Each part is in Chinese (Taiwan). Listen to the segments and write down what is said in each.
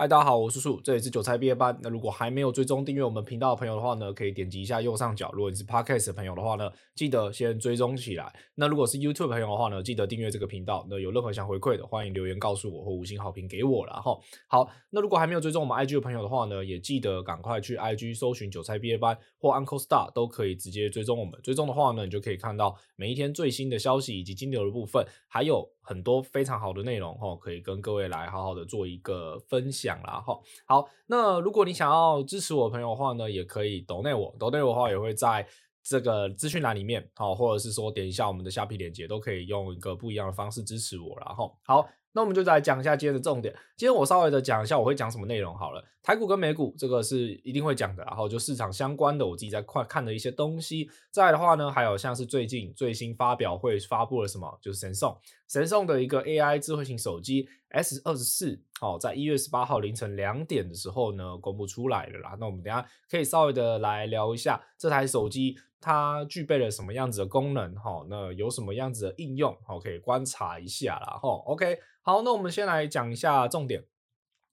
嗨，大家好，我是叔叔。這裡是韭菜畢業班。那如果還沒有追蹤訂閱我們頻道的朋友的話呢，可以點擊一下右上角。如果你是 Podcast 的朋友的話呢，記得先追蹤起來。那如果是 YouTube 朋友的話呢，記得訂閱這個頻道。那有任何想回饋的，歡迎留言告訴我或五星好評給我啦。吼。好，那如果還沒有追蹤我們 IG 的朋友的話呢，也記得趕快去 IG 搜尋韭菜畢業班或 Uncle Stock，都可以直接追蹤我們。追蹤的話呢，你就可以看到每一天最新的消息以及金流的部分，還有。很多非常好的內容哦，可以跟各位來好好的做一個分享啦哈。好，那如果你想要支持我的朋友的話呢，也可以 Donate 我，Donate 我的話也會在這個資訊欄裡面好，或者是說點一下我們的蝦皮鏈接，都可以用一個不一樣的方式支持我啦。好。那我們就再來講一下今天的重點。今天我稍微的講一下我會講什麼內容好了。台股跟美股這個是一定會講的，然後就市場相關的，我自己在快看的一些東西。再來的話呢，還有像是最近最新發表會發布了什麼，就是 Samsung Samsung 的一個 AI 智慧型手機 S 二十四，在一月十八號凌晨兩點的時候呢公布出來了啦。那我們等下可以稍微的來聊一下這台手機。它具備了什麼樣子的功能？哈，那有什麼樣子的應用？好，可以觀察一下啦哈，OK，好，那我們先來講一下重點。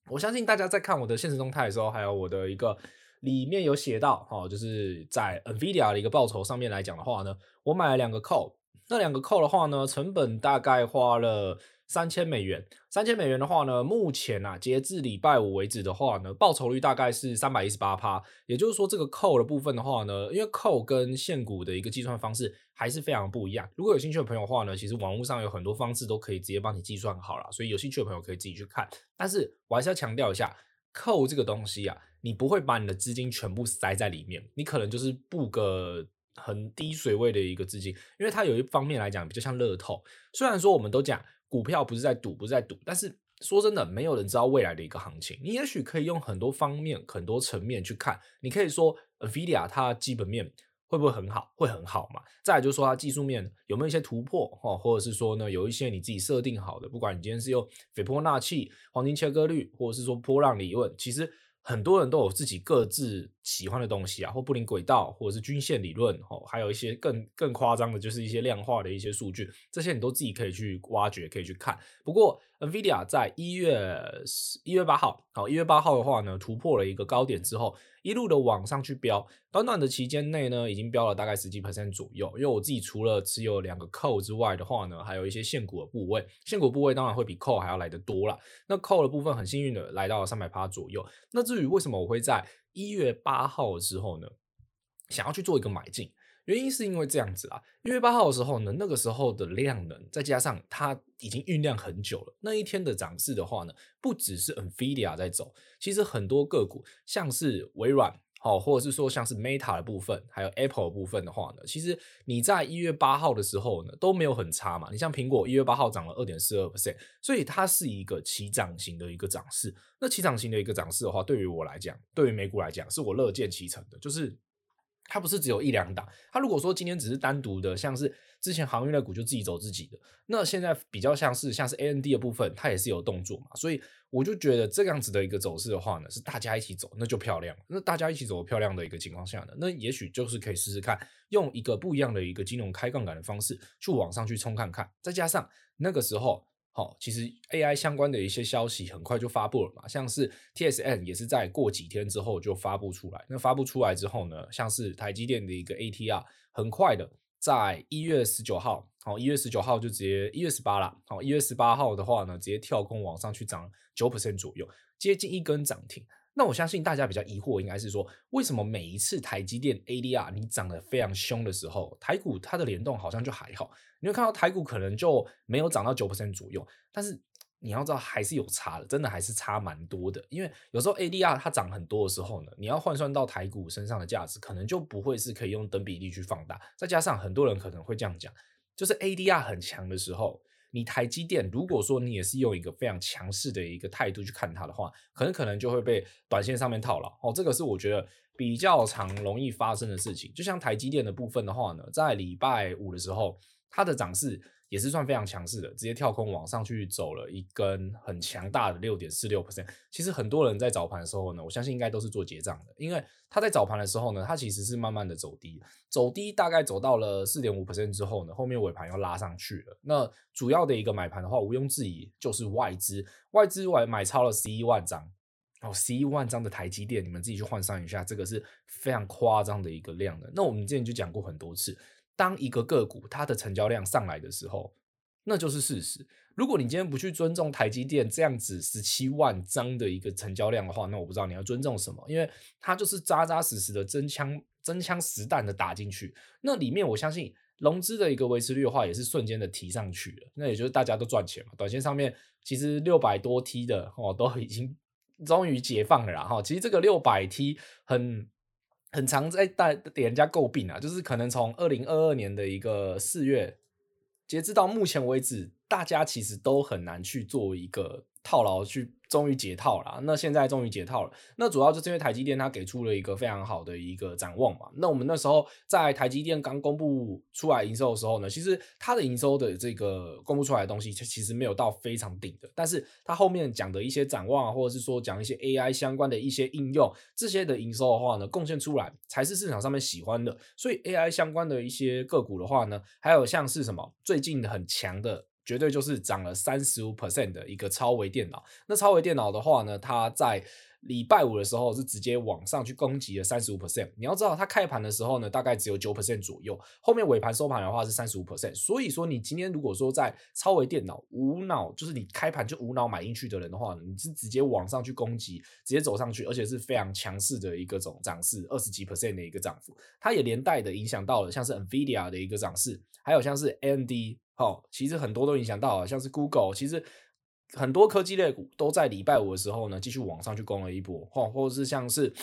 我相信大家在看我的限時動態的時候，還有我的一個裡面有寫到，哈，就是在 NVIDIA 的一個報酬上面來講的話呢，我買了兩個扣，那兩個扣的話呢，成本大概花了。三千美元，三千美元的話呢，目前啊，截至禮拜五為止的話呢，報酬率大概是三百一十八趴。也就是說，這個扣的部分的話呢，因為扣跟現股的一個計算方式還是非常不一樣。如果有興趣的朋友的話呢，其實網絡上有很多方式都可以直接幫你計算好了，所以有興趣的朋友可以自己去看。但是我還是要強調一下，扣這個東西啊，你不會把你的資金全部塞在裡面，你可能就是布個很低水位的一個資金，因為它有一方面來講比較像樂透。雖然說我們都講。股票不是在賭，不是在賭，但是說真的，沒有人知道未來的一個行情。你也許可以用很多方面、很多層面去看。你可以說，NVIDIA 它基本面會不會很好，會很好嘛？再來就是說，它技術面有沒有一些突破，哈，或者是說呢，有一些你自己設定好的，不管你今天是用斐波那契黃金切割率，或者是說波浪理論，其實。很多人都有自己各自喜歡的東西啊，或布林軌道，或者是均線理論，哦，還有一些更更誇張的，就是一些量化的一些數據，這些你都自己可以去挖掘，可以去看。不過，NVIDIA 在一月一月八號，好，一月八號的話呢，突破了一個高點之後。一路的往上去飆，短短的期間內呢，已經飆了大概十幾%左右。因為我自己除了持有兩個扣之外的話呢，還有一些現股的部位，現股部位當然會比扣還要來得多啦。那扣的部分很幸運的來到了三百八左右。那至於為什麼我會在一月八號的時候呢，想要去做一個買進？原因是因為這樣子啦，一月八號的時候呢，那個時候的量能再加上它已經醞釀很久了，那一天的漲勢的話呢，不只是 Nvidia 在走，其實很多個股，像是微軟，好、哦，或者是說像是 Meta 的部分，還有 Apple 的部分的話呢，其實你在一月八號的時候呢都沒有很差嘛，你像蘋果一月八號漲了二點四二 percent，所以它是一個起漲型的一個漲勢。那起漲型的一個漲勢的話，對於我來講，對於美股來講，是我樂見其成的，就是。它不是只有一兩檔，它如果說今天只是單獨的，像是之前航運的股就自己走自己的，那現在比較像是像是 AMD 的部分，它也是有動作嘛，所以我就覺得這樣子的一個走勢的話呢，是大家一起走，那就漂亮。那大家一起走漂亮的一個情況下呢，那也許就是可以試試看，用一個不一樣的一個金融開槓桿的方式去往上去衝看看，再加上那個時候。好，其實 AI 相關的一些消息很快就發布了嘛，像是 TSN 也是在過幾天之後就發布出來。那發布出來之後呢，像是台積電的一個 ATR，很快的，在一月十九號，好，一月十九號就直接一月十八了，好，一月十八號的話呢，直接跳空往上去漲九%左右，接近一根漲停。那我相信大家比較疑惑，應該是說為什麼每一次台積電 ADR 你漲得非常凶的時候，台股它的聯動好像就還好？你會看到台股可能就沒有漲到九%左右，但是你要知道還是有差的，真的還是差蠻多的。因為有時候 ADR 它漲很多的時候呢，你要換算到台股身上的價值，可能就不會是可以用等比例去放大。再加上很多人可能會這樣講，就是 ADR 很強的時候，你台積電如果說你也是用一個非常強勢的一個態度去看它的話，可能可能就會被短線上面套牢。哦，這個是我覺得比較常容易發生的事情。就像台積電的部分的話呢，在禮拜五的時候。它的漲勢也是算非常強勢的，直接跳空往上去走了一根很強大的六點四六%。其實很多人在早盤的時候呢，我相信應該都是做結賬的，因為它在早盤的時候呢，它其實是慢慢的走低的，走低大概走到了四點五%之後呢，後面尾盤又拉上去了。那主要的一個買盤的話，毋庸置疑就是外資，外資買買超了十一萬張，哦，十一萬張的台積電，你們自己去換算一下，這個是非常誇張的一個量的。那我們之前就講過很多次。當一個個股它的成交量上來的時候，那就是事實。如果你今天不去尊重台積電這樣子十七萬張的一個成交量的話，那我不知道你要尊重什麼，因為它就是紮紮實實的真槍真槍實彈的打進去。那裡面我相信融資的一個維持率的話，也是瞬間的提上去了。那也就是大家都賺錢嘛，短線上面其實六百多 T 的哦，都已經終於解放了啦。然後其實這個六百 T 很。很常在帶給人家詬病啊，就是可能從二零二二年的一個四月，截止到目前為止，大家其實都很難去做一個套牢去。終於解套了啊，那現在終於解套了。那主要就是因為台積電它給出了一個非常好的一個展望嘛。那我們那時候在台積電剛公布出來營收的時候呢，其實它的營收的這個公布出來的東西，其其實沒有到非常頂的。但是它後面講的一些展望啊，或者是說講一些 AI 相關的一些應用，這些的營收的話呢，貢獻出來才是市場上面喜歡的。所以 AI 相關的一些個股的話呢，還有像是什麼最近很強的。絕對就是漲了三十五 percent 的一個超微電腦。那超微電腦的話呢，它在禮拜五的時候是直接往上去攻擊了三十五 percent。你要知道，它開盤的時候呢，大概只有九 percent 左右，後面尾盤收盤的話是三十五 percent。所以說，你今天如果說在超微電腦無腦，就是你開盤就無腦買進去的人的話呢，你是直接往上去攻擊，直接走上去，而且是非常強勢的一個種漲勢，二十幾 percent 的一個漲幅。它也連帶的影響到了像是 NVIDIA 的一個漲勢，還有像是 AMD。好，其實很多都影響到啊，像是 Google，其實很多科技類股都在禮拜五的時候呢，繼續往上去攻了一波，嚯，或者是像是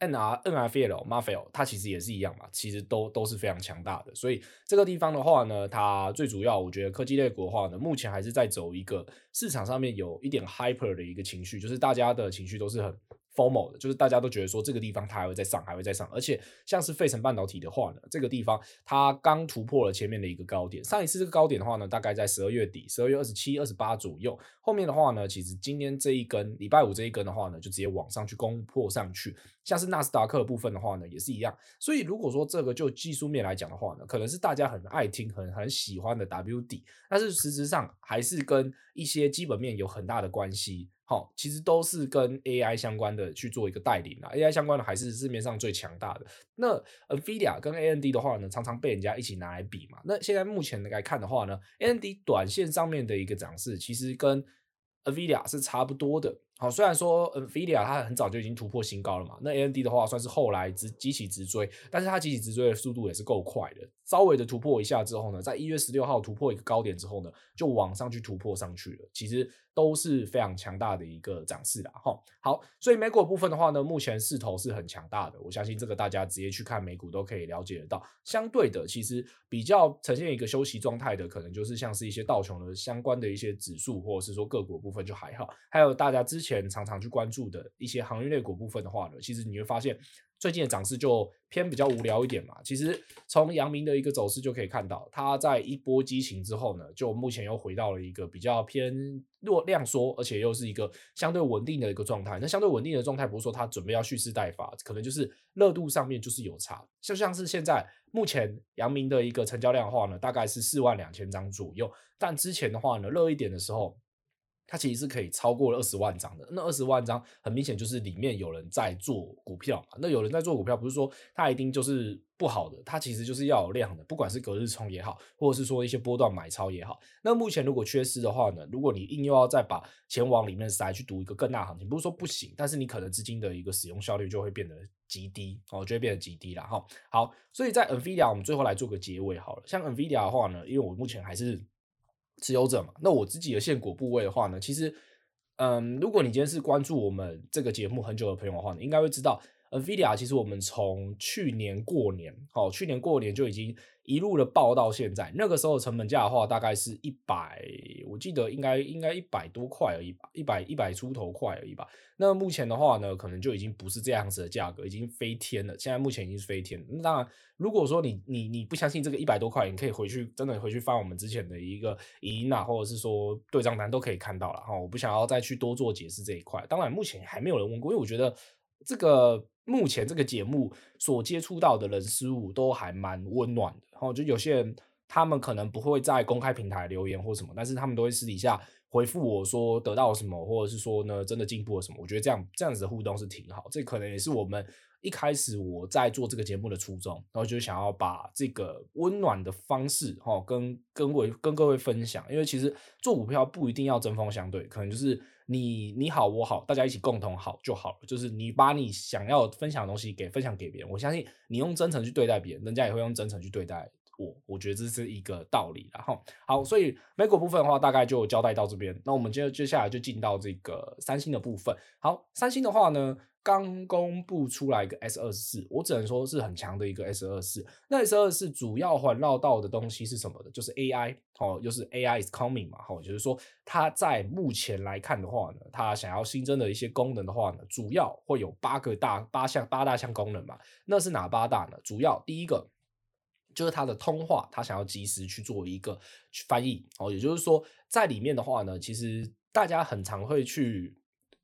N R N F L m a f l，它其實也是一樣嘛，其實都都是非常強大的。所以這個地方的話呢，它最主要，我覺得科技類股的話呢，目前還是在走一個市場上面有一點 hyper 的一個情緒，就是大家的情緒都是很。formal 的，就是大家都覺得說，這個地方它還會再上，還會再上。而且像是費城半導體的話呢，這個地方它剛突破了前面的一個高點。上一次這個高點的話呢，大概在十二月底，十二月二十七、二十八左右。後面的話呢，其實今天這一根，禮拜五這一根的話呢，就直接往上去攻破上去。像是納斯達克的部分的話呢，也是一樣。所以如果說這個就技術面來講的話呢，可能是大家很愛聽、很很喜歡的 W 底，但是實質上還是跟一些基本面有很大的關係。好，其實都是跟 A I 相關的去做一個帶領啦。A I 相關的還是市面上最強大的。那 Nvidia 跟 AMD 的話呢，常常被人家一起拿來比嘛。那現在目前來看的話呢，AMD 短線上面的一個漲勢其實跟 Nvidia 是差不多的。好，雖然說 Nvidia 它很早就已經突破新高了嘛，那 AMD 的話算是後來直急起直追，但是它急起直追的速度也是夠快的。稍微的突破一下之後呢，在一月十六號突破一個高點之後呢，就往上去突破上去了。其實。都是非常強大的一個漲勢啦。哈。好，所以美股部分的話呢，目前勢頭是很強大的。我相信這個大家直接去看美股都可以了解得到。相對的，其實比較呈現一個休息狀態的，可能就是像是一些道瓊的相關的一些指數，或者是說個股部分就還好。還有大家之前常常去關注的一些航運類股部分的話呢，其實你會發現。最近的漲勢就偏比較無聊一點嘛。其實從陽明的一個走勢就可以看到，它在一波激情之後呢，就目前又回到了一個比較偏弱量縮，而且又是一個相對穩定的一個狀態。那相對穩定的狀態，不是說它準備要蓄勢待發，可能就是熱度上面就是有差。就像是現在目前陽明的一個成交量的話呢，大概是四萬兩千張左右。但之前的話呢，熱一點的時候。它其實是可以超過二十萬張的，那二十萬張很明顯就是裡面有人在做股票嘛。那有人在做股票，不是說它一定就是不好的，它其實就是要有量的，不管是隔日沖也好，或者是說一些波段買超也好。那目前如果缺失的話呢，如果你硬又要再把錢往裡面塞去賭一個更大行情，不是說不行，但是你可能資金的一個使用效率就會變得極低哦，就會變得極低了哈。好，所以在 NVIDIA 我們最後來做個結尾好了。像 NVIDIA 的話呢，因為我目前還是。持有者嘛，那我自己的現股部位的話呢，其實，嗯，如果你今天是關注我們這個節目很久的朋友的話呢，你應該會知道。NVIDIA 其實我們從去年過年，去年過年就已經一路的爆到現在。那個時候成本價的話，大概是一百，我記得應該應該一百多塊而已吧，一百一百出頭塊而已吧。那目前的話呢，可能就已經不是這樣子的價格，已經飛天了。現在目前已經是飛天。那當然，如果說你你你不相信這個一百多塊，你可以回去，真的回去翻我們之前的一個影音啊，或者是說對賬單都可以看到了哈。我不想要再去多做解釋這一塊。當然，目前還沒有人問過，因為我覺得這個。目前這個節目所接觸到的人事物都還蠻溫暖的，然後就有些人他們可能不會在公開平台留言或什麼，但是他們都會私底下回覆我說得到什麼，或者是說呢真的進步了什麼。我覺得這樣這樣子的互動是挺好，這可能也是我們一開始我在做這個節目的初衷，然後就想要把這個溫暖的方式哈跟各位跟,跟各位分享，因為其實做股票不一定要針鋒相對，可能就是。你你好，我好，大家一起共同好就好了。就是你把你想要分享的東西給分享給別人，我相信你用真誠去對待別人，人家也會用真誠去對待。我我覺得這是一個道理啦，然後好，所以美股部分的話，大概就交代到這邊。那我們接接下來就進到這個三星的部分。好，三星的話呢，剛公布出來一個 S24，我只能說是很強的一個 S24。那 S24 主要環繞到的東西是什麼呢？就是 AI 哦，又、就是 AI is coming 嘛，好，就是說它在目前來看的話呢，它想要新增的一些功能的話呢，主要會有八個大八項八大項功能嘛。那是哪八大呢？主要第一個。就是他的通話，他想要及時去做一個去翻譯哦。也就是說，在裡面的話呢，其實大家很常會去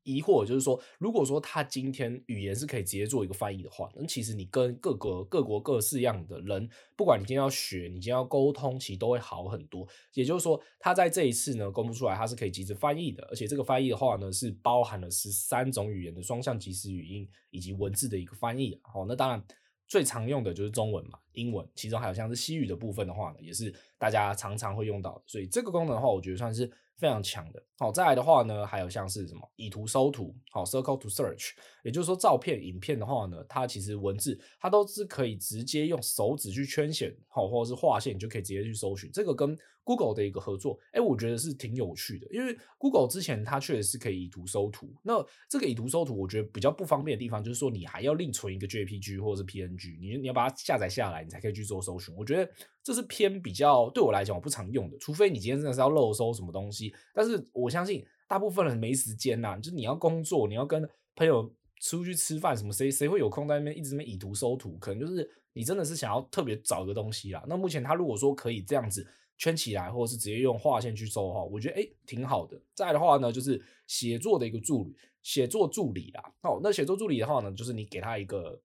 疑惑，就是說，如果說他今天語言是可以直接做一個翻譯的話，那其實你跟各個各國各式樣的人，不管你今天要學，你今天要溝通，其實都會好很多。也就是說，他在這一次呢公布出來，他是可以及時翻譯的，而且這個翻譯的話呢，是包含了十三種語言的雙向及時語音以及文字的一個翻譯。好，那當然。最常用的就是中文嘛、英文，其中還有像是西語的部分的話呢，也是大家常常會用到的。所以這個功能的話，我覺得算是。非常強的，好，再來的話呢，還有像是什麼以圖搜圖，好 circle to search，也就是說照片、影片的話呢，它其實文字它都是可以直接用手指去圈選，好，或者是劃線，你就可以直接去搜尋。這個跟 Google 的一個合作，哎、欸，我覺得是挺有趣的，因為 Google 之前它確實是可以以圖搜圖。那這個以圖搜圖，我覺得比較不方便的地方就是說你還要另存一個 JPG 或者是 PNG，你，你要把它下載下來，你才可以去做搜尋。我覺得。這是偏比較對我來講我不常用的。除非你今天真的是要漏搜什麼東西，但是我相信大部分人沒時間吶，就是你要工作，你要跟朋友出去吃飯什麼，誰誰會有空在那邊一直在那邊以圖搜圖？可能就是你真的是想要特別找一個東西啦。那目前他如果說可以這樣子圈起來，或者是直接用畫線去搜哈，我覺得哎挺好的。再來的話呢，就是寫作的一個助理，寫作助理啦。哦，那寫作助理的話呢，就是你給他一個。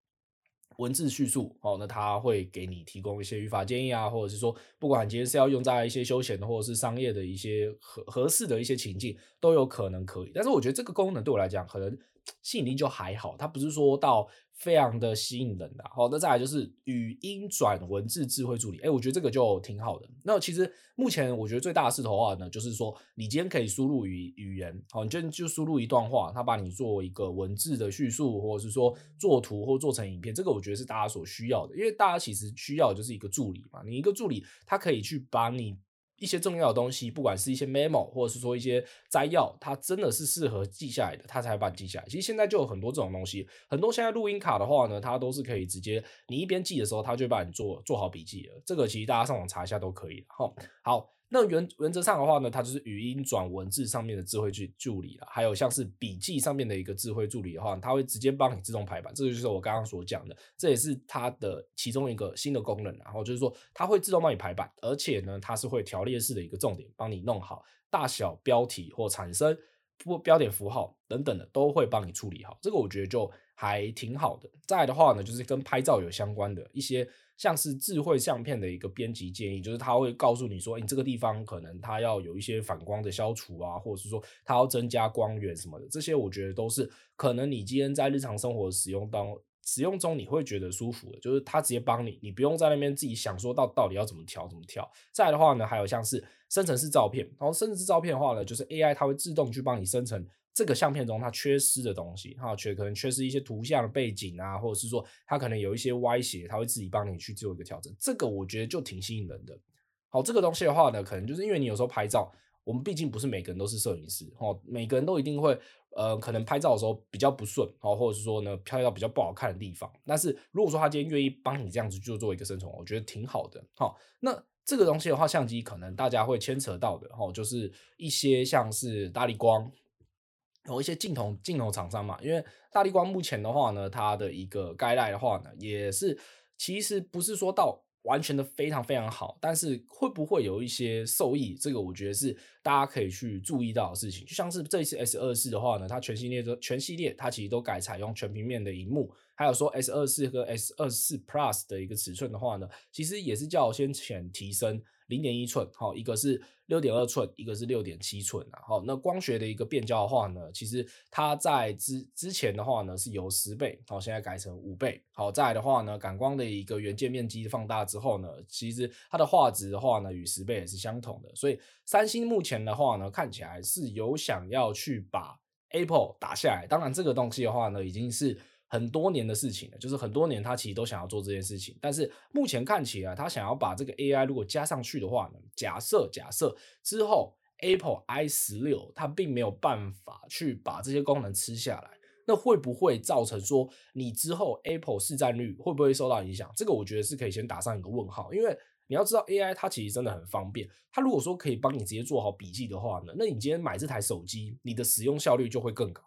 文字敘述哦，那它會給你提供一些語法建議啊，或者是說，不管你今天是要用在一些休閒的，或者是商業的一些合合適的一些情境，都有可能可以。但是我覺得這個功能對我來講，可能吸引力就還好，它不是說到。非常的吸引人的，啊，好，那再來就是語音轉文字智慧助理，哎、欸，我覺得這個就挺好的。那其實目前我覺得最大的勢頭啊呢，就是說你今天可以輸入語語言，好，你今天就輸入一段話，它把你做一個文字的敘述，或者是說做圖或做成影片，這個我覺得是大家所需要的，因為大家其實需要的就是一個助理嘛，你一個助理，它可以去把你。一些重要的東西，不管是一些 memo，或者是說一些摘要，它真的是適合記下來的，它才會把你記下來。其實現在就有很多這種東西，很多現在錄音卡的話呢，它都是可以直接，你一邊記的時候，它就幫你做做好筆記了。這個其實大家上網查一下都可以了。哈，好。那原原則上的話呢，它就是語音轉文字上面的智慧助助理了，還有像是筆記上面的一個智慧助理的話，它會直接幫你自動排版，這個就是我剛剛所講的，這也是它的其中一個新的功能。然後就是說，它會自動幫你排版，而且呢，它是會條列式的一個重點，幫你弄好大小標題或產生。不標點符號等等的都會幫你處理好，這個我覺得就還挺好的。再來的話呢，就是跟拍照有相關的一些，像是智慧相片的一個編輯建議，就是他會告訴你說，欸，你這個地方可能它要有一些反光的消除啊，或者是說它要增加光源什麼的，這些我覺得都是可能你今天在日常生活使用當中使用中你會覺得舒服的，的就是它直接幫你，你不用在那邊自己想說到到底要怎麼調，怎麼調。再來的話呢，還有像是生成式照片，然後生成式照片的話呢，就是 AI 它會自動去幫你生成這個相片中它缺失的東西，哈，缺可能缺失一些圖像背景啊，或者是說它可能有一些歪斜，它會自己幫你去做一個調整。這個我覺得就挺吸引人的。好，這個東西的話呢，可能就是因為你有時候拍照，我們畢竟不是每個人都是攝影師，每個人都一定會。呃，可能拍照的時候比較不順，哦，或者是說呢，拍到比較不好看的地方。但是如果說他今天願意幫你這樣子就做一個生成，我覺得挺好的，哈、哦。那這個東西的話，相機可能大家會牽扯到的，哈、哦，就是一些像是大力光，有、哦、一些鏡頭鏡頭廠商嘛。因為大力光目前的話呢，它的一個該來的話呢，也是其實不是說到。完全的非常非常好，但是會不會有一些受益？這個我覺得是大家可以去注意到的事情。就像是這一次 S 二四的話呢，它全系列都全系列，它其實都改採用全平面的熒幕，還有說 S 二四和 S 二四 Plus 的一個尺寸的話呢，其實也是較先前提升，零點一寸，好，一個是六點二寸，一個是六點七寸，啊。好，那光學的一個變焦的話呢，其實它在之之前的話呢是有十倍，好，現在改成五倍，好，再來的話呢，感光的一個元件面積放大之後呢，其實它的畫質的話呢與十倍也是相同的，所以三星目前的話呢看起來是有想要去把 Apple 打下來，當然這個東西的話呢已經是。很多年的事情了，就是很多年他其實都想要做這件事情，但是目前看起來他想要把這個 AI 如果加上去的話呢，假設假設之後 Apple i 十六它並沒有辦法去把這些功能吃下來，那會不會造成說你之後 Apple 市佔率會不會受到影響？這個我覺得是可以先打上一個問號，因為你要知道 AI 它其實真的很方便，它如果說可以幫你直接做好筆記的話呢，那你今天買這台手機，你的使用效率就會更高。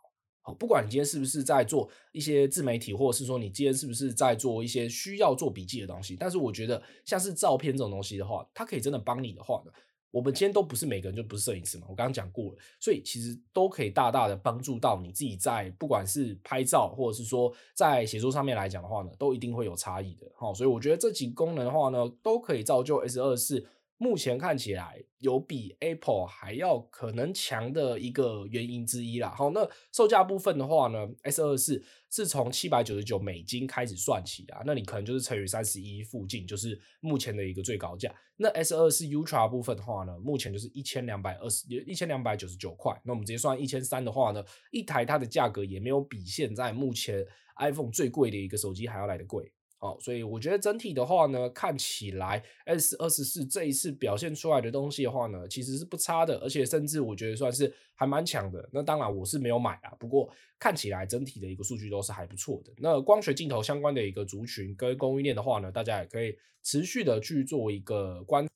不管你今天是不是在做一些自媒體，或者是說你今天是不是在做一些需要做筆記的東西，但是我覺得像是照片這種東西的話，它可以真的幫你的話呢，我們今天都不是每個人就不是攝影師嘛，我剛剛講過了，所以其實都可以大大的幫助到你自己在不管是拍照，或者是說在寫作上面來講的話呢，都一定會有差異的哈。所以我覺得這幾個功能的話呢，都可以造就 S24。目前看起來有比 Apple 還要可能強的一個原因之一啦。好，那售價部分的話呢，S24 是從七百九十九美金開始算起啊，那你可能就是乘以三十一附近，就是目前的一個最高價。那 S24 Ultra 部分的話呢，目前就是一千兩百二十，一千兩百九十九塊。那我們直接算一千三的話呢，一台它的價格也沒有比現在目前 iPhone 最貴的一個手機還要來得貴。好，所以我覺得整體的話呢，看起來 S24 這一次表現出來的東西的話呢，其實是不差的，而且甚至我覺得算是還蠻強的。那當然我是沒有買啦，不過看起來整體的一個數據都是還不錯的。那光學鏡頭相關的一個族群跟供應鏈的話呢，大家也可以持續的去做一個觀，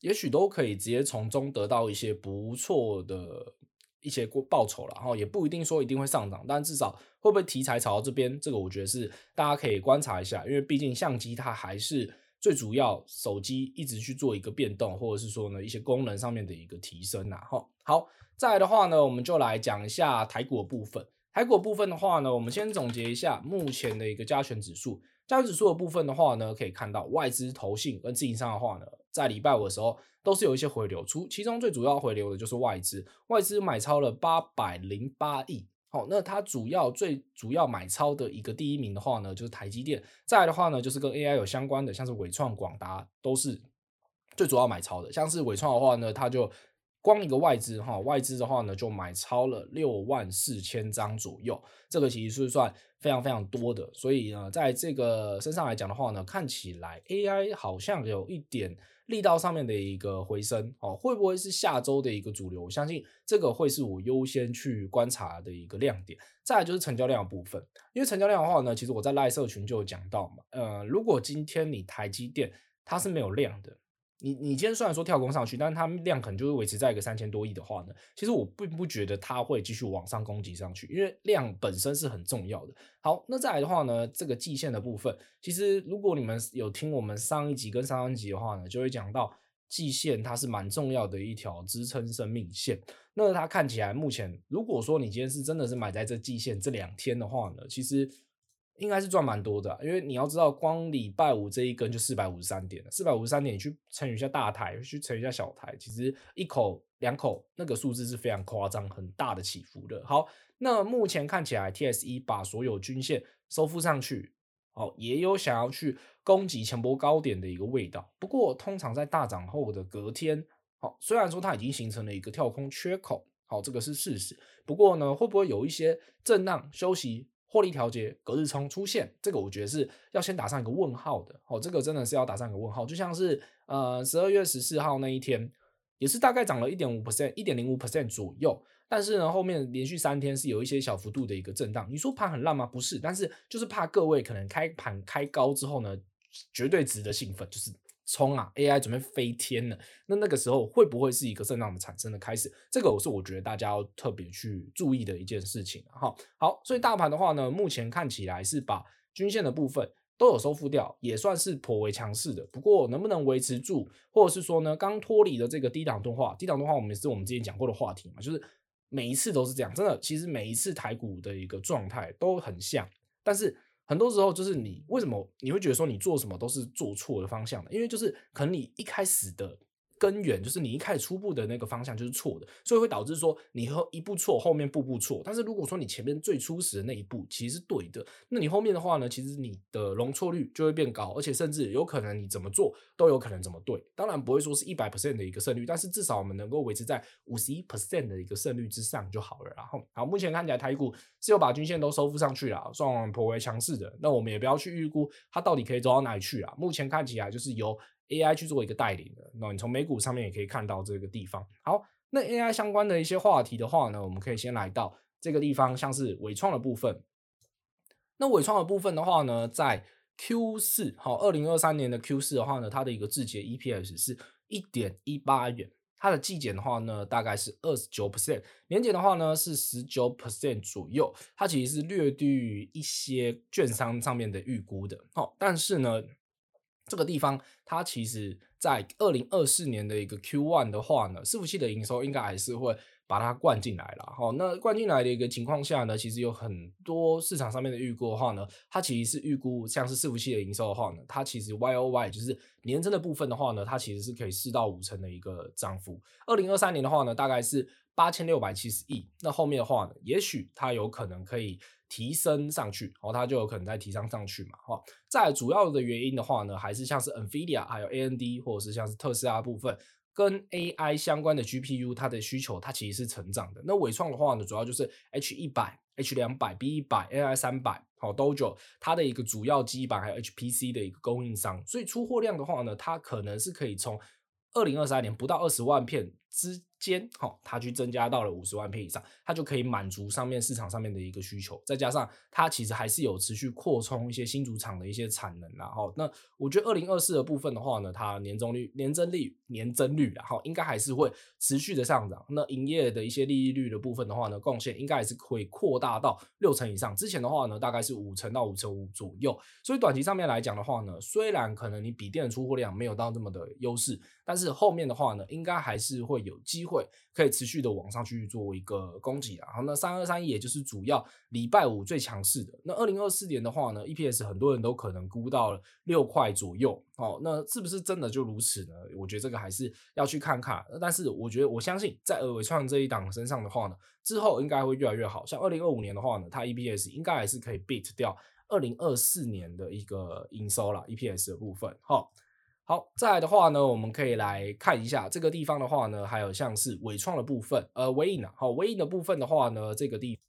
也許都可以直接從中得到一些不錯的一些報酬了。然後也不一定說一定會上漲，但至少。會不會題材炒到這邊？這個我覺得是大家可以觀察一下，因為畢竟相機它還是最主要，手機一直去做一個變動，或者是說呢一些功能上面的一個提升啊。吼，好，再來的話呢，我們就來講一下台股的部分。台股的部分的話呢，我們先總結一下目前的一個加權指數，加權指數的部分的話呢，可以看到外資投信跟自營商的話呢，在禮拜五的時候都是有一些回流出，其中最主要回流的就是外資，外資買超了八百零八億。好、哦，那它主要最主要買超的一個第一名的話呢，就是台積電。再來的話呢，就是跟 AI 有相關的，像是緯創、廣達都是最主要買超的。像是緯創的話呢，它就光一個外資哈、哦，外資的話呢，就買超了六萬四千張左右，這個其實是算非常非常多的。所以呢，在這個身上來講的話呢，看起來 AI 好像有一點。力道上面的一個回升，哦，會不會是下周的一個主流？我相信這個會是我優先去觀察的一個亮點。再來就是成交量的部分，因為成交量的話呢，其實我在賴社群就有講到嘛，呃，如果今天你台積電它是沒有量的。你你今天雖然說跳空上去，但是它量可能就會維持在一個三千多億的話呢，其實我並不覺得它會繼續往上攻擊上去，因為量本身是很重要的。好，那再來的話呢，這個季線的部分，其實如果你們有聽我們上一集跟上上集的話呢，就會講到季線它是蠻重要的一條支撐生命線。那它看起來目前，如果說你今天是真的是買在這季線這兩天的話呢，其實。應該是賺蠻多的，因為你要知道，光禮拜五這一根就四百五十三點，四百五十三點你去乘一下大台，去乘一下小台，其實一口兩口那個數字是非常誇張、很大的起伏的。好，那目前看起來，T S E 把所有均線收復上去，哦，也有想要去攻擊前波高點的一個味道。不過，通常在大漲後的隔天，好、哦，雖然說它已經形成了一個跳空缺口，好、哦，這個是事實。不過呢，會不會有一些震盪休息？獲利調節隔日沖出現，這個我覺得是要先打上一個問號的。哦，這個真的是要打上一個問號。就像是呃，十二月十四號那一天，也是大概漲了一點五 percent，一點零五 percent 左右。但是呢，後面連續三天是有一些小幅度的一個震盪。你說盤很爛嗎？不是，但是就是怕各位可能開盤開高之後呢，絕對值得興奮，就是。衝啊！AI 準備飛天了，那那個時候會不會是一個震盪的產生的開始？這個我是我覺得大家要特別去注意的一件事情。哈，好，所以大盤的話呢，目前看起來是把均線的部分都有收復掉，也算是頗為強勢的。不過能不能維持住，或者是說呢，剛脫離的這個低檔動畫，低檔動畫我們也是我們之前講過的話題嘛，就是每一次都是這樣，真的，其實每一次台股的一個狀態都很像，但是。很多時候就是你為什麼你會覺得說你做什麼都是做錯的方向呢？因為就是可能你一開始的。根源就是你一開始初步的那個方向就是錯的，所以會導致說你後一步錯，後面步步錯。但是如果說你前面最初始的那一步其實是對的，那你後面的話呢，其實你的容錯率就會變高，而且甚至有可能你怎麼做都有可能怎麼對。當然不會說是一百 percent 的一個勝率，但是至少我們能夠維持在五十一 percent 的一個勝率之上就好了。然後，嗯，好，目前看起來台股是有把均線都收復上去了，算我們頗為強勢的。那我們也不要去預估它到底可以走到哪裡去啊。目前看起來就是由。AI 去做一個代理的，那你從美股上面也可以看到這個地方。好，那 AI 相關的一些話題的話呢，我們可以先來到這個地方，像是緯創的部分。那緯創的部分的話呢，在 Q 四，好，二零二三年的 Q 四的話呢，它的一個季結 EPS 是一點一八元，它的季減的話呢，大概是二十九 percent，年減的話呢是十九 percent 左右，它其實是略低於一些券商上面的預估的。好，但是呢。這個地方，它其實，在二零二四年的一個 Q one 的話呢，伺服器的營收應該還是會把它灌進來了。好，那灌進來的一個情況下呢，其實有很多市場上面的預估的話呢，它其實是預估，像是伺服器的營收的話呢，它其實 Y O Y 就是年增的部分的話呢，它其實是可以四到五成的一個漲幅。二零二三年的話呢，大概是八千六百七十億，那後面的話呢，也許它有可能可以。提升上去，然後它就有可能再提升上去嘛，哈、哦。再主要的原因的話呢，還是像是 NVIDIA 還有 AMD，或者是像是特斯拉的部分跟 AI 相關的 GPU，它的需求它其實是成長的。那緯創的話呢，主要就是 H 一百、哦，H 兩百、B 一百、AI 三百，好，Dojo 它的一個主要基板還有 HPC 的一個供應商，所以出貨量的話呢，它可能是可以從二零二三年不到二十萬片之。間它去增加到了五十萬片以上，它就可以滿足上面市場上面的一個需求。再加上它其實還是有持續擴充一些新竹廠的一些產能啦，然後那我覺得二零二四的部分的話呢，它年終率，年增率，年增率啊，好，應該還是會持續的上漲。那營業的一些利益率的部分的話呢，貢獻應該也是可以擴大到六成以上。之前的話呢，大概是五成到五成五左右。所以短期上面來講的話呢，雖然可能你筆電的出貨量沒有到這麼的優勢，但是後面的話呢，應該還是會有機會。會可以持續的往上去做一個攻擊，然後呢，啊，好，那三二三一也就是主要禮拜五最強勢的。那二零二四年的話呢，EPS 很多人都可能估到了六塊左右，哦，那是不是真的就如此呢？我覺得這個還是要去看看。但是我覺得我相信在爾緯創這一檔身上的話呢，之後應該會越來越好。像二零二五年的話呢，它 EPS 應該還是可以 beat 掉二零二四年的一個營收啦。EPS 的部分，哦好，再來的話呢，我們可以來看一下這個地方的話呢，還有像是緯創的部分，呃，緯穎啊，好，緯穎的部分的話呢，這個地方，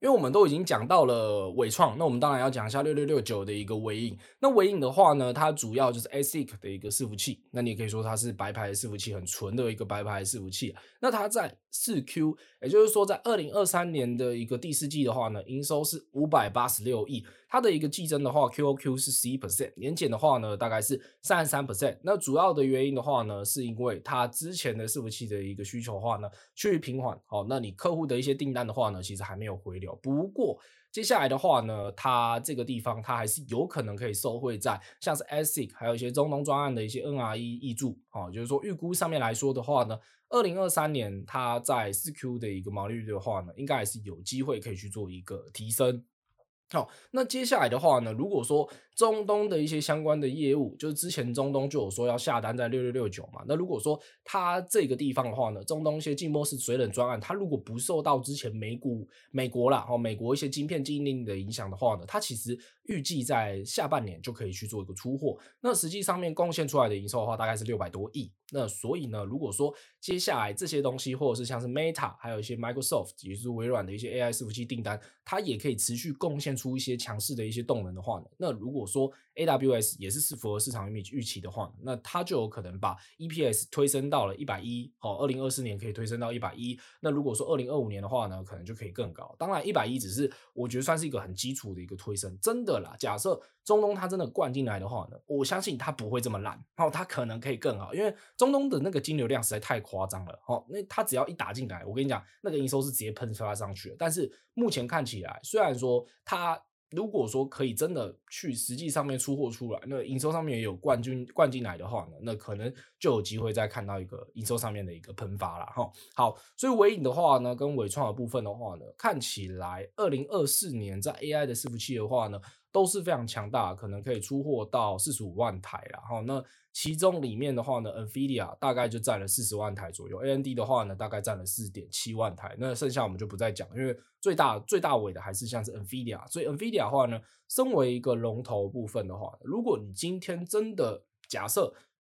因為我們都已經講到了緯創，那我們當然要講一下六六六九的一個緯穎。那緯穎的話呢，它主要就是 ASIC 的一個伺服器，那你也可以說它是白牌的伺服器，很純的一個白牌的伺服器。那它在四 Q，也就是說在二零二三年的一個第四季的話呢，營收是五百八十六億。它的一個季增的話，QOQ 是十一 percent 年減的話呢，大概是三十三 percent。那主要的原因的話呢，是因為它之前的伺服器的一個需求的話呢趨於平緩，哦，那你客戶的一些訂單的話呢，其實還沒有回流。不過接下來的話呢，它這個地方它還是有可能可以收回在像是 ASIC 還有一些中東專案的一些 NRE 挹注，啊、哦，就是說預估上面來說的話呢，二零二三年它在四 Q 的一個毛利率的話呢，應該還是有機會可以去做一個提升。好、哦，那接下來的話呢，如果說中東的一些相關的業務，就是之前中東就有說要下單在六六六九嘛，那如果說它這個地方的話呢，中東一些浸沒式水冷專案，它如果不受到之前美股美國啦哦，美國一些晶片禁令的影響的話呢，它其實預計在下半年就可以去做一個出貨，那實際上面貢獻出來的營收的話，大概是六百多億。那所以呢，如果說接下來這些東西，或者是像是 Meta，還有一些 Microsoft，也就是微軟的一些 AI 伺服器訂單，它也可以持續貢獻出一些強勢的一些動能的話呢，那如果說，A W S AWS 也是是符合市場預預期的話，那它就有可能把 E P S 推升到了一百一哦，二零二四年可以推升到一百一。那如果說二零二五年的話呢，可能就可以更高。當然，一百一只是我覺得算是一個很基礎的一個推升，真的啦。假設中東它真的灌進來的話呢，我相信它不會這麼爛，然後它可能可以更好，因為中東的那個金流量實在太誇張了哦。那它只要一打進來，我跟你講，那個營收是直接噴發上去的。但是目前看起來，雖然說它。如果說可以真的去實際上面出貨出來，那營收上面也有冠軍灌進來的話呢，那可能就有機會再看到一個營收上面的一個噴發了哈。好，所以緯穎的話呢，跟緯創的部分的話呢，看起來二零二四年在 AI 的伺服器的話呢。都是非常強大，可能可以出貨到四十五萬台。然後呢，那其中裡面的話呢，NVIDIA 大概就佔了四十萬台左右，AMD 的話呢，大概佔了四點七萬台。那剩下我們就不再講，因為最大最大尾的還是像是 NVIDIA。所以 NVIDIA 的話呢，身為一個龍頭部分的話，如果你今天真的假設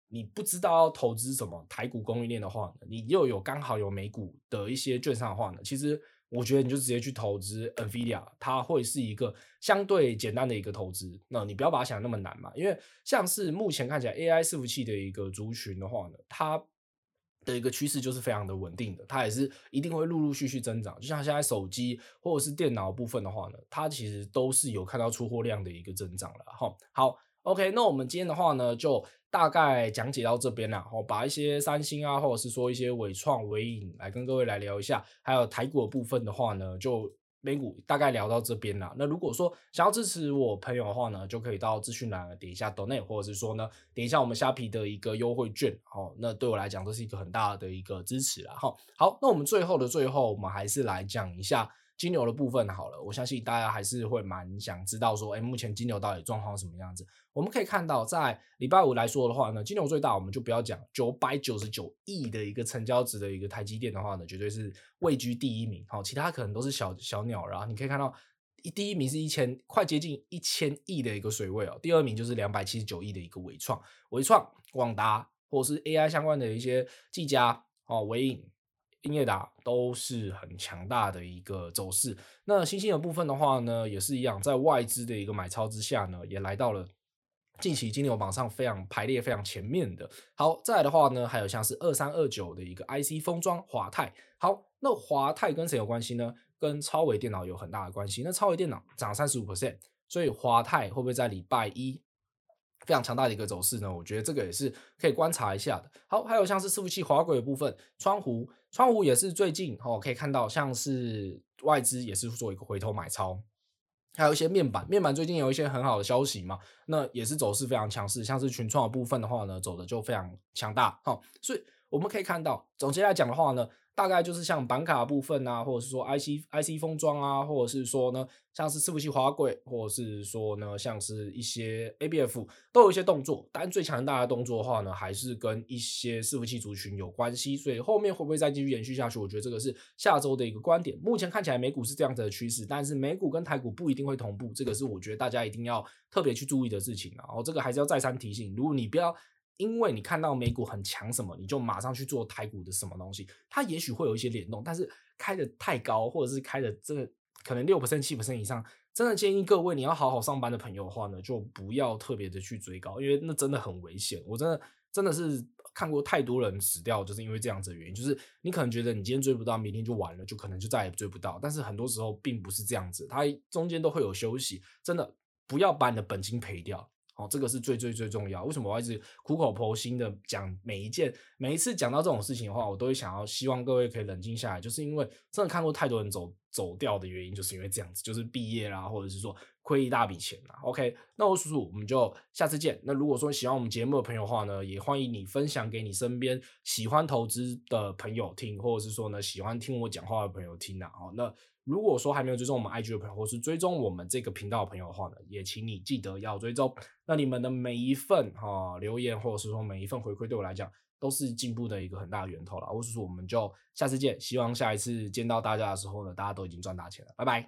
你不知道要投資什麼台股供應鏈的話呢，你又有剛好有美股的一些券商的話呢，其實。我覺得你就直接去投資 Nvidia，它會是一個相對簡單的一個投資。那你不要把它想那麼難嘛，因為像是目前看起來 AI 伺服器的一個族群的話呢，它的一個趨勢就是非常的穩定的，它也是一定會陸陸續續增長。就像現在手機或者是電腦部分的話呢，它其實都是有看到出貨量的一個增長了。哈，好。OK，那我們今天的話呢，就大概講解到這邊啦，哦，把一些三星啊，或者是說一些緯創、緯穎來跟各位來聊一下。還有台股的部分的話呢，就美股大概聊到這邊啦。那如果說想要支持我朋友的話呢，就可以到資訊欄點一下 donate，或者是說呢，點一下我們蝦皮的一個優惠券。哦，那對我來講都是一個很大的一個支持了。哈、哦，好，那我們最後的最後，我們還是來講一下。金牛的部分好了，我相信大家還是會蠻想知道說，哎、欸，目前金牛到底狀況什麼樣子？我們可以看到，在禮拜五來說的話呢，金牛最大，我們就不要講九百九十九億的一個成交值的一個台積電的話呢，絕對是位居第一名，好，其他可能都是小小鳥。然後你可以看到，一第一名是一千，快接近一千億的一個水位哦、喔，第二名就是兩百七十九億的一個緯創，緯創、廣達或者是 AI 相關的一些技嘉，哦，緯穎。英業達都是很強大的一個走勢。那新興的部分的話呢，也是一樣，在外資的一個買超之下呢，也來到了近期金牛榜上非常排列非常前面的。好，再來的話呢，還有像是二三二九的一個 IC 封裝華泰。好，那華泰跟誰有關係呢？跟超微電腦有很大的關係。那超微電腦漲三十五%，所以華泰會不會在禮拜一非常強大的一個走勢呢？我覺得這個也是可以觀察一下的。好，還有像是伺服器滑軌的部分，川湖川湖也是最近哦，可以看到像是外資也是做一個回頭買超，還有一些面板，面板最近有一些很好的消息嘛，那也是走勢非常強勢，像是群創的部分的話呢，走的就非常強大，哈、哦，所以我們可以看到，總結來講的話呢。大概就是像板卡的部分啊，或者是說 IC IC 封裝啊，或者是說呢，像是伺服器滑軌，或者是說呢，像是一些 ABF 都有一些動作。但最強大的動作的話呢，還是跟一些伺服器族群有關係。所以後面會不會再繼續延續下去？我覺得這個是下周的一個觀點。目前看起來美股是這樣子的趨勢，但是美股跟台股不一定會同步，這個是我覺得大家一定要特別去注意的事情啊。然後這個還是要再三提醒，如果你不要。因為你看到美股很強什麼，你就馬上去做台股的什麼東西，它也許會有一些聯動，但是開的太高，或者是開的真的可能6%、7%以上，真的建議各位你要好好上班的朋友的話呢，就不要特別的去追高，因為那真的很危險。我真的真的是看過太多人死掉，就是因為這樣子的原因。就是你可能覺得你今天追不到，明天就完了，就可能就再也追不到。但是很多時候併不是這樣子，它中間都會有休息。真的不要把你的本金賠掉。哦，這個是最最最重要。為什麼我要一直苦口婆心的講每一件、每一次講到這種事情的話，我都會想要希望各位可以冷靜下來，就是因為真的看過太多人走走掉的原因，就是因為這樣子，就是畢業啦，或者是說虧一大筆錢啦。OK，那我叔叔，我們就下次見。那如果說喜歡我們節目的朋友的話呢，也歡迎你分享給你身邊喜歡投資的朋友聽，或者是說呢喜歡聽我講話的朋友聽啦。哦，那。如果說還沒有追蹤我們 IG 的朋友，或是追蹤我們這個頻道的朋友的話呢，也請你記得要追蹤。那你們的每一份哈、哦、留言，或者是說每一份回饋，對我來講都是進步的一個很大的源頭了。我是叔叔，我們就下次見。希望下一次見到大家的時候呢，大家都已經賺大錢了。拜拜。